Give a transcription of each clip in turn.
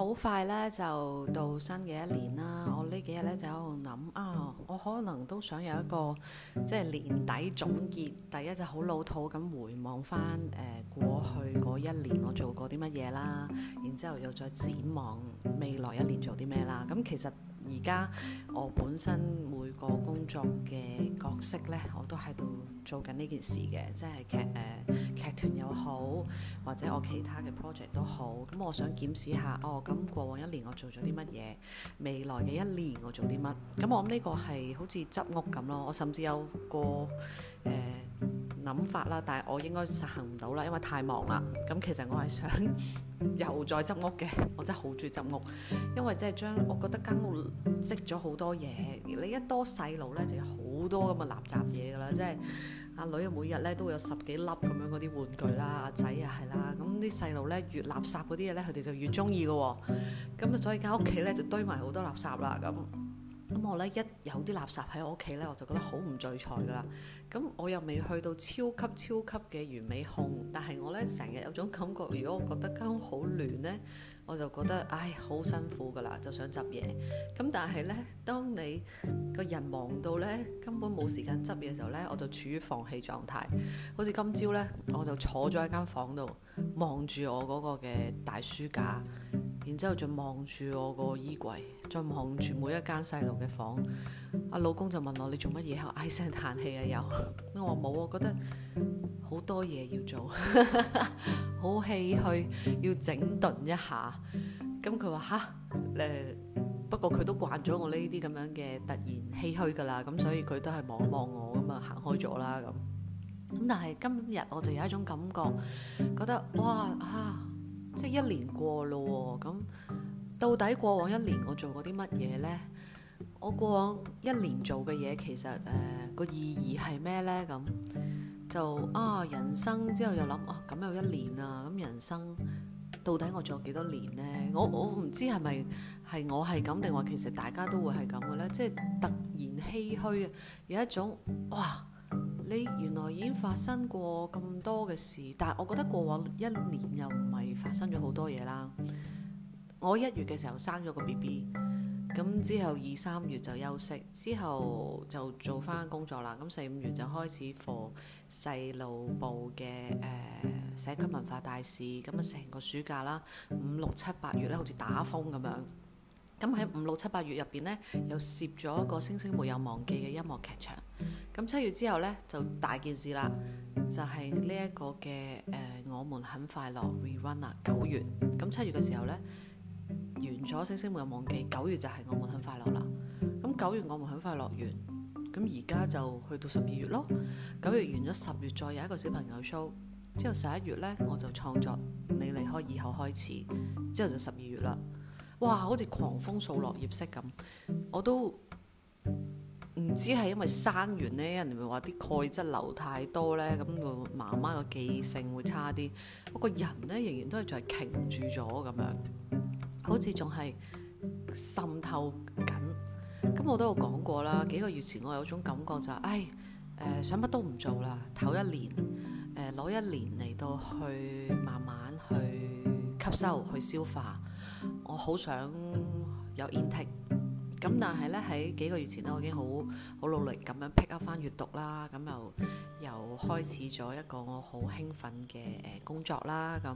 好快咧就到新嘅一年啦！我呢幾日咧就喺度諗啊，我可能都想有一個即係年底總結。第一就好老土咁回望翻，誒、呃、過去嗰一年我做過啲乜嘢啦，然之後又再展望未來一年做啲咩啦。咁其實而家我本身個工作嘅角色呢，我都喺度做緊呢件事嘅，即係劇誒劇團又好，或者我其他嘅 project 都好。咁我想檢視下，哦，咁過往一年我做咗啲乜嘢，未來嘅一年我做啲乜。咁我諗呢個係好似執屋咁咯。我甚至有個誒。呃諗法啦，但係我應該實行唔到啦，因為太忙啦。咁其實我係想又再執屋嘅，我真係好中意執屋，因為即係將我覺得間屋積咗好多嘢。你一多細路咧，就有好多咁嘅垃圾嘢㗎啦。即係阿女啊，每日咧都會有十幾粒咁樣嗰啲玩具啦，阿仔又係啦。咁啲細路咧越垃圾嗰啲嘢咧，佢哋就越中意嘅喎。咁所以間屋企咧就堆埋好多垃圾啦，咁。咁我咧一有啲垃圾喺我屋企咧，我就覺得好唔聚財噶啦。咁我又未去到超級超級嘅完美控，但係我咧成日有種感覺，如果我覺得間屋好亂咧，我就覺得唉好辛苦噶啦，就想執嘢。咁但係咧，當你個人忙到咧，根本冇時間執嘢時候咧，我就處於放棄狀態。好似今朝咧，我就坐咗喺間房度望住我嗰個嘅大書架。然之後就望住我個衣櫃，再望住每一間細路嘅房。阿老公就問我：你做乜嘢？我唉聲嘆氣啊，又。我話冇，我覺得好多嘢要做， 好唏噓，要整頓一下。咁佢話：嚇，誒不過佢都慣咗我呢啲咁樣嘅突然唏噓㗎啦。咁所以佢都係望一望我，咁啊行開咗啦咁。咁但係今日我就有一種感覺，覺得哇啊！即係一年過咯喎，咁到底過往一年我做過啲乜嘢呢？我過往一年做嘅嘢其實誒個、呃、意義係咩呢？咁就啊人生之後又諗啊，咁又一年啊，咁人生到底我做幾多年呢？我我唔知係咪係我係咁，定話其實大家都會係咁嘅呢？即係突然唏噓啊，有一種哇～你原來已經發生過咁多嘅事，但係我覺得過往一年又唔係發生咗好多嘢啦。我一月嘅時候生咗個 BB，咁之後二三月就休息，之後就做翻工作啦。咁四五月就開始課細路部嘅誒、uh, 社區文化大使。咁啊成個暑假啦，五六七八月咧好似打風咁樣。咁喺五六七八月入邊呢，又攝咗一個星星沒有忘記嘅音樂劇場。咁七月之後呢，就大件事啦，就係呢一個嘅誒、呃，我們很快樂 re-run 啦。九月咁七月嘅時候呢，完咗星星沒有忘記。九月就係、是、我們很快樂啦。咁九月我們很快樂完，咁而家就去到十二月咯。九月完咗，十月再有一個小朋友 show。之後十一月呢，我就創作你離開以後開始。之後就十二月啦。哇！好似狂風掃落葉式咁，我都唔知係因為生完呢，人哋會話啲鈣質流太多呢，咁個媽媽個記性會差啲。不過人呢，仍然都係仲係停住咗咁樣，好似仲係滲透緊。咁我都有講過啦，幾個月前我有種感覺就係、是，誒、呃，想乜都唔做啦，唞一年，誒、呃，攞一年嚟到去慢慢去吸收、去消化。我好想有 intake 咁，但係呢，喺幾個月前呢，我已經好好努力咁樣 pick up 翻閱讀啦。咁又又開始咗一個我好興奮嘅誒工作啦。咁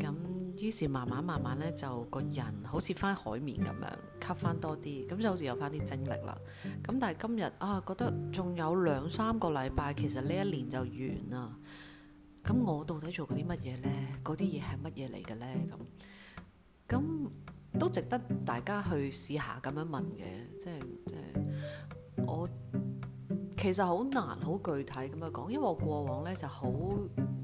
咁於是慢慢慢慢呢，就個人好似翻海綿咁樣吸翻多啲，咁就好似有翻啲精力啦。咁但係今日啊，覺得仲有兩三個禮拜，其實呢一年就完啦。咁我到底做過啲乜嘢呢？嗰啲嘢係乜嘢嚟嘅呢？咁？咁都值得大家去試下咁樣問嘅，即係，誒，我其實好難好具體咁樣講，因為我過往呢就好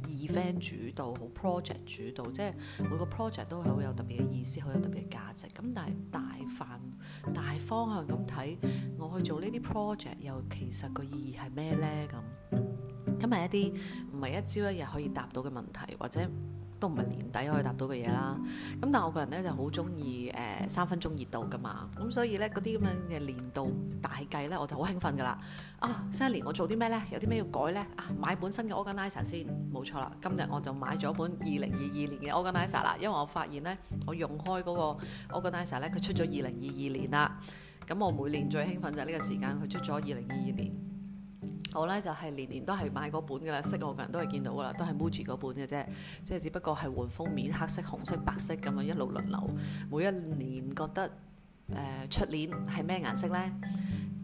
event 主導，好 project 主導，即係每個 project 都好有特別嘅意思，好有特別嘅價值。咁但係大範大方向咁睇，我去做呢啲 project 又其實個意義係咩呢？咁，咁係一啲唔係一朝一日可以答到嘅問題，或者，都唔係年底可以答到嘅嘢啦，咁但係我個人呢就好中意誒三分鐘熱度噶嘛，咁所以呢，嗰啲咁樣嘅年度大計呢，我就好興奮噶啦，啊新一年我做啲咩呢？有啲咩要改呢？啊買本新嘅 organizer 先，冇錯啦，今日我就買咗本二零二二年嘅 organizer 啦，因為我發現呢，我用開嗰個 organizer 呢，佢出咗二零二二年啦，咁我每年最興奮就係呢個時間佢出咗二零二二年。我咧就係、是、年年都係買嗰本噶啦，識我嘅人都係見到噶啦，都係 Muji 嗰本嘅啫，即係只不過係換封面，黑色、紅色、白色咁樣一路輪流。每一年覺得誒出、呃、年係咩顏色呢？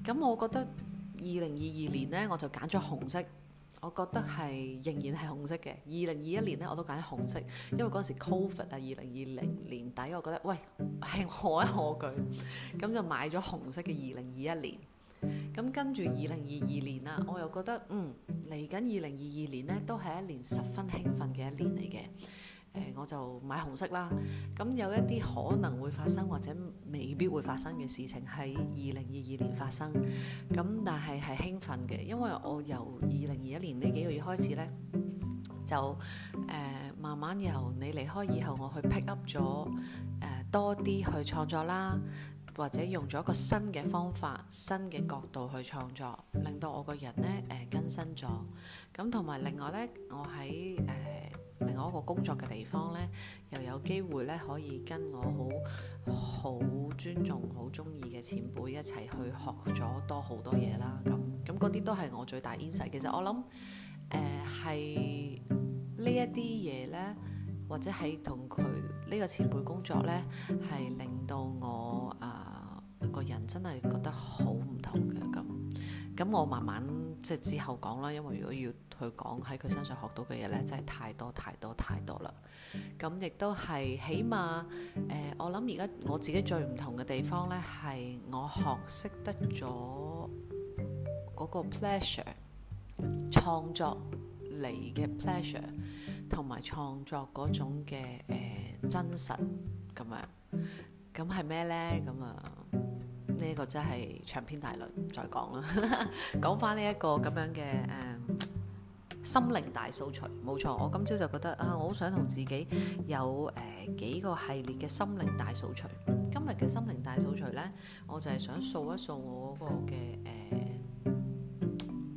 咁我覺得二零二二年呢，我就揀咗紅色，我覺得係仍然係紅色嘅。二零二一年呢，我都揀紅色，因為嗰時 COVID 啊，二零二零年底，我覺得喂係可一可句，咁就買咗紅色嘅二零二一年。咁跟住二零二二年啦，我又覺得嗯，嚟緊二零二二年呢，都係一年十分興奮嘅一年嚟嘅、呃。我就買紅色啦。咁、嗯、有一啲可能會發生或者未必會發生嘅事情喺二零二二年發生。咁、嗯、但係係興奮嘅，因為我由二零二一年呢幾個月開始呢，就誒、呃、慢慢由你離開以後，我去 pick up 咗、呃、多啲去創作啦。或者用咗一個新嘅方法，新嘅角度去創作，令到我個人咧誒、呃、更新咗。咁同埋另外咧，我喺誒、呃、另外一個工作嘅地方咧，又有機會咧可以跟我好好尊重、好中意嘅前輩一齊去學咗多好多嘢啦。咁咁嗰啲都係我最大 inspire。其實我諗誒係呢一啲嘢咧，或者係同佢呢個前輩工作咧，係令到我啊～、呃個人真係覺得好唔同嘅咁咁，我慢慢即係之後講啦。因為如果要去講喺佢身上學到嘅嘢咧，真係太多太多太多啦。咁亦都係起碼誒、呃，我諗而家我自己最唔同嘅地方咧，係我學識得咗嗰個 Pleasure 創作嚟嘅 Pleasure，同埋創作嗰種嘅誒、呃、真實咁樣。咁係咩咧？咁啊？呢一個真係長篇大論，再講啦。講翻呢一個咁樣嘅誒、呃、心靈大掃除，冇錯。我今朝就覺得啊，我好想同自己有誒、呃、幾個系列嘅心靈大掃除。今日嘅心靈大掃除呢，我就係想掃一掃我嗰個嘅誒、呃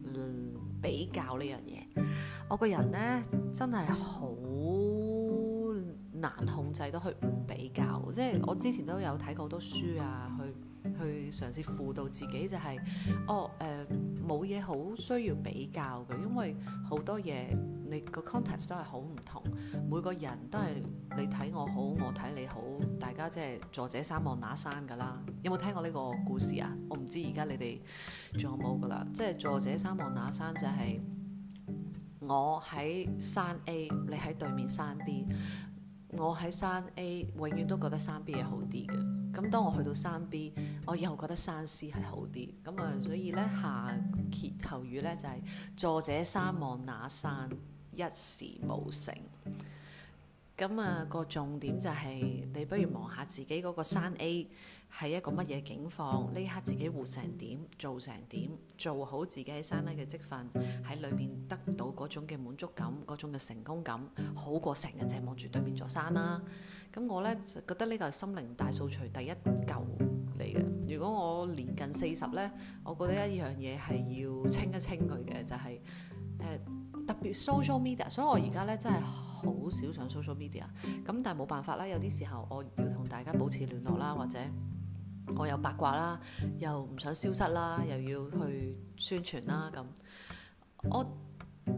嗯、比較呢樣嘢。我個人呢，真係好難控制到去唔比較，即係我之前都有睇過好多書啊。去嘗試輔導自己就係、是，哦誒，冇嘢好需要比較嘅，因為好多嘢你個 context 都係好唔同，每個人都係你睇我好，我睇你好，大家即係助者三望那山㗎喇。有冇聽過呢個故事啊？我唔知而家你哋仲有冇㗎喇。即係坐這山望那山、就是，就係我喺山 A，你喺對面山 B，我喺山 A，永遠都覺得山 B 係好啲嘅。咁當我去到山 B，我又覺得山 C 係好啲，咁啊，所以呢，下歇後語呢，就係、是：坐者山望那山，一事無成。咁啊，個重點就係、是、你不如望下自己嗰個山 A 係一個乜嘢景況，呢刻自己活成點，做成點，做好自己喺山 A 嘅積分，喺裏面得到嗰種嘅滿足感，嗰種嘅成功感，好過成日淨望住對面座山啦、啊。咁我咧就覺得呢個係心靈大掃除第一嚿嚟嘅。如果我年近四十咧，我覺得一樣嘢係要清一清佢嘅，就係、是、誒、呃、特別 social media。所以我而家咧真係好少上 social media。咁但係冇辦法啦，有啲時候我要同大家保持聯絡啦，或者我有八卦啦，又唔想消失啦，又要去宣傳啦。咁我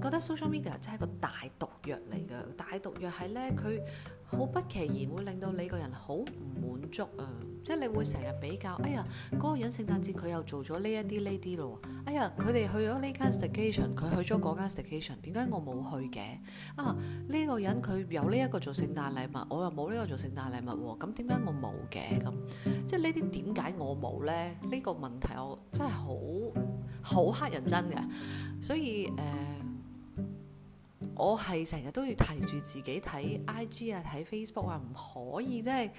覺得 social media 真係個大毒藥嚟嘅。大毒藥係咧佢。好不其然會令到你個人好唔滿足啊！即係你會成日比較，哎呀，嗰、那個人聖誕節佢又做咗呢一啲呢啲咯，哎呀，佢哋去咗呢間 station，佢去咗嗰間 station，點解我冇去嘅？啊，呢、這個人佢有呢一個做聖誕禮物，我又冇呢個做聖誕禮物喎、啊，咁點解我冇嘅？咁、啊、即係呢啲點解我冇呢？呢、這個問題我真係好好乞人憎嘅，所以誒。呃我係成日都要提住自己睇 IG 啊，睇 Facebook 啊，唔可以真係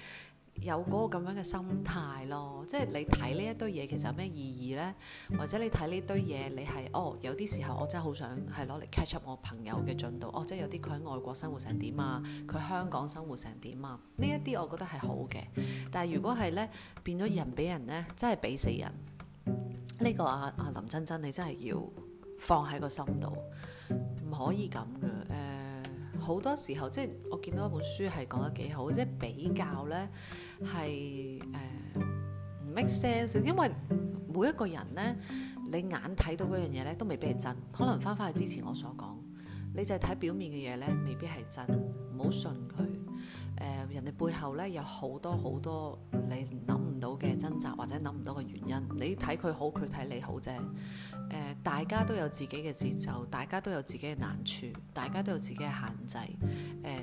有嗰個咁樣嘅心態咯。即係你睇呢一堆嘢其實有咩意義呢？或者你睇呢堆嘢，你係哦有啲時候我真係好想係攞嚟 catch up 我朋友嘅進度。哦，即係有啲佢喺外國生活成點啊，佢喺香港生活成點啊？呢一啲我覺得係好嘅。但係如果係呢，變咗人比人呢，真係比死人。呢、呢個啊阿林珍珍，你真係要放喺個心度。唔可以咁嘅，誒、呃、好多時候即係我見到一本書係講得幾好，即係比較咧係誒唔 make sense，因為每一個人咧，你眼睇到嗰樣嘢咧都未必係真，可能翻返去之前我所講。你就係睇表面嘅嘢咧，未必係真，唔好信佢。誒、呃，人哋背後咧有好多好多你諗唔到嘅掙扎，或者諗唔到嘅原因。你睇佢好，佢睇你好啫。誒、呃，大家都有自己嘅節奏，大家都有自己嘅難處，大家都有自己嘅限制。誒、呃。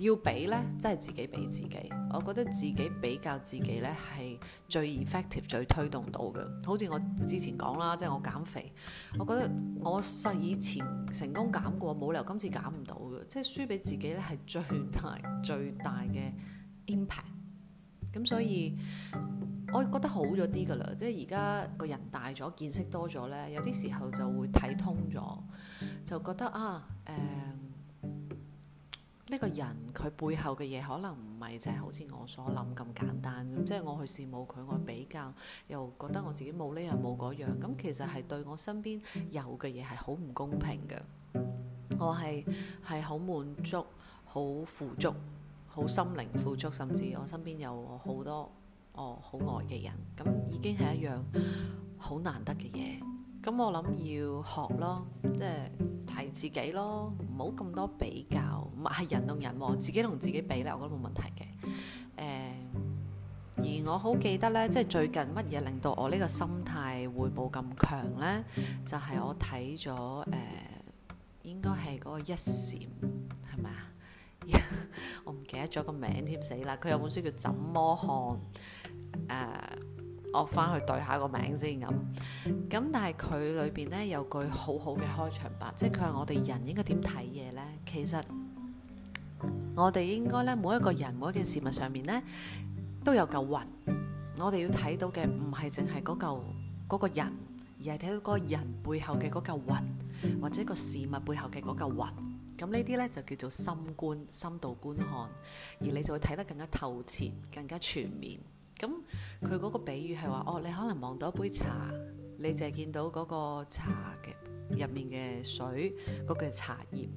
要俾呢，真係自己俾自己。我覺得自己比較自己呢，係最 effective、最推動到嘅。好似我之前講啦，即係我減肥，我覺得我實以前成功減過，冇理由今次減唔到嘅。即係輸俾自己呢，係最大、最大嘅 impact。咁所以我覺得好咗啲㗎啦。即係而家個人大咗、見識多咗呢，有啲時候就會睇通咗，就覺得啊，呃呢個人佢背後嘅嘢可能唔係淨係好似我所諗咁簡單咁，即係我去羨慕佢，我比較又覺得我自己冇呢樣冇嗰樣咁，其實係對我身邊有嘅嘢係好唔公平嘅。我係係好滿足、好富足、好心靈富足，甚至我身邊有好多我好、哦、愛嘅人，咁已經係一樣好難得嘅嘢。咁、嗯、我諗要學咯，即係提自己咯，唔好咁多比較，唔係人同人喎，自己同自己比咧，我覺得冇問題嘅。誒、呃，而我好記得呢，即係最近乜嘢令到我呢個心態會冇咁強呢？就係、是、我睇咗誒，應該係嗰個一閃係咪啊？ 我唔記得咗個名添死啦，佢有本書叫《怎麼看》誒。呃我翻去對下個名先咁，咁但係佢裏邊呢，有句好好嘅開場白，即係佢話我哋人應該點睇嘢呢？其實我哋應該咧，每一個人每一件事物上面呢，都有嚿雲。我哋要睇到嘅唔係淨係嗰嚿嗰個人，而係睇到嗰個人背後嘅嗰嚿雲，或者個事物背後嘅嗰嚿雲。咁呢啲呢，就叫做深觀、深度觀看，而你就會睇得更加透徹、更加全面。咁佢嗰個比喻係話，哦，你可能望到一杯茶，你就係見到嗰個茶嘅入面嘅水，嗰、嗰個茶葉。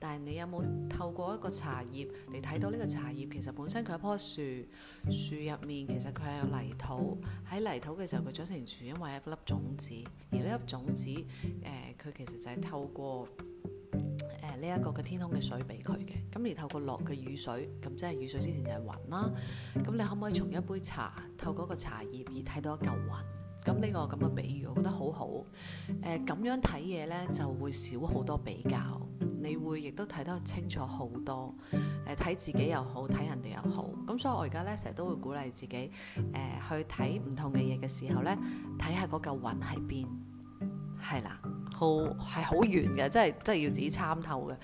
但係你有冇透過一個茶葉你睇到呢個茶葉？其實本身佢一樖樹，樹入面其實佢係有泥土。喺泥土嘅時候，佢長成樹，因為有一粒種子。而呢粒種子，誒、呃，佢其實就係透過。呢一個嘅天空嘅水俾佢嘅，咁而透過落嘅雨水，咁即係雨水之前就係雲啦。咁你可唔可以從一杯茶，透過個茶葉而睇到一嚿雲？咁呢個咁嘅比喻，我覺得好好。誒、呃，咁樣睇嘢呢就會少好多比較，你會亦都睇得清楚好多。呃、睇自己又好，睇人哋又好。咁所以我而家呢，成日都會鼓勵自己，呃、去睇唔同嘅嘢嘅時候呢，睇下嗰嚿雲喺邊。係啦。好係好遠嘅，即係即係要自己參透嘅。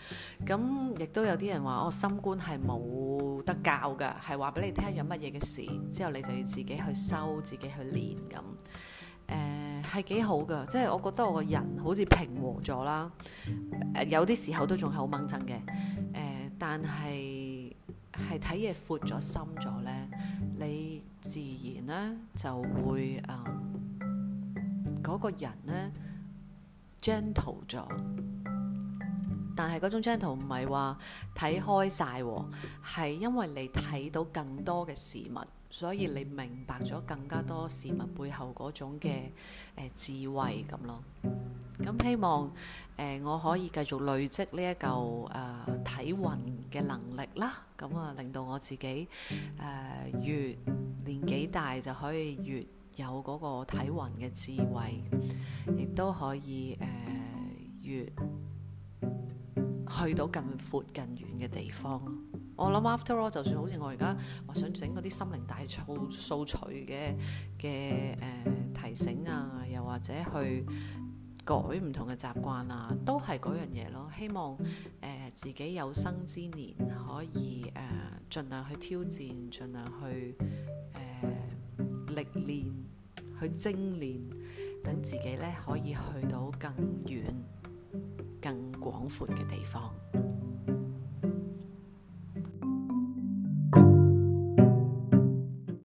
咁亦都有啲人話，我、哦、心觀係冇得教嘅，係話俾你聽有乜嘢嘅事，之後你就要自己去修，自己去練咁。誒係幾好嘅，即係我覺得我個人好似平和咗啦。誒、呃、有啲時候都仲係好掹震嘅。誒、呃、但係係睇嘢闊咗、闊了深咗咧，你自然咧就會誒嗰、呃那個人咧。gentle 咗，但係嗰種 gentle 唔係話睇開晒，係、mm. 因為你睇到更多嘅事物，所以你明白咗更加多事物背後嗰種嘅、呃、智慧咁咯。咁希望誒、呃、我可以繼續累積呢一嚿誒睇雲嘅能力啦，咁啊令到我自己誒、呃、越年紀大就可以越。有嗰個體魂嘅智慧，亦都可以誒、呃、越去到更闊、更遠嘅地方。我諗 after all，就算好似我而家我想整嗰啲心靈大掃掃除嘅嘅誒提醒啊，又或者去改唔同嘅習慣啊，都係嗰樣嘢咯。希望誒、呃、自己有生之年可以誒、呃、盡量去挑戰，盡量去。歷練，去精煉，等自己咧可以去到更遠、更廣闊嘅地方。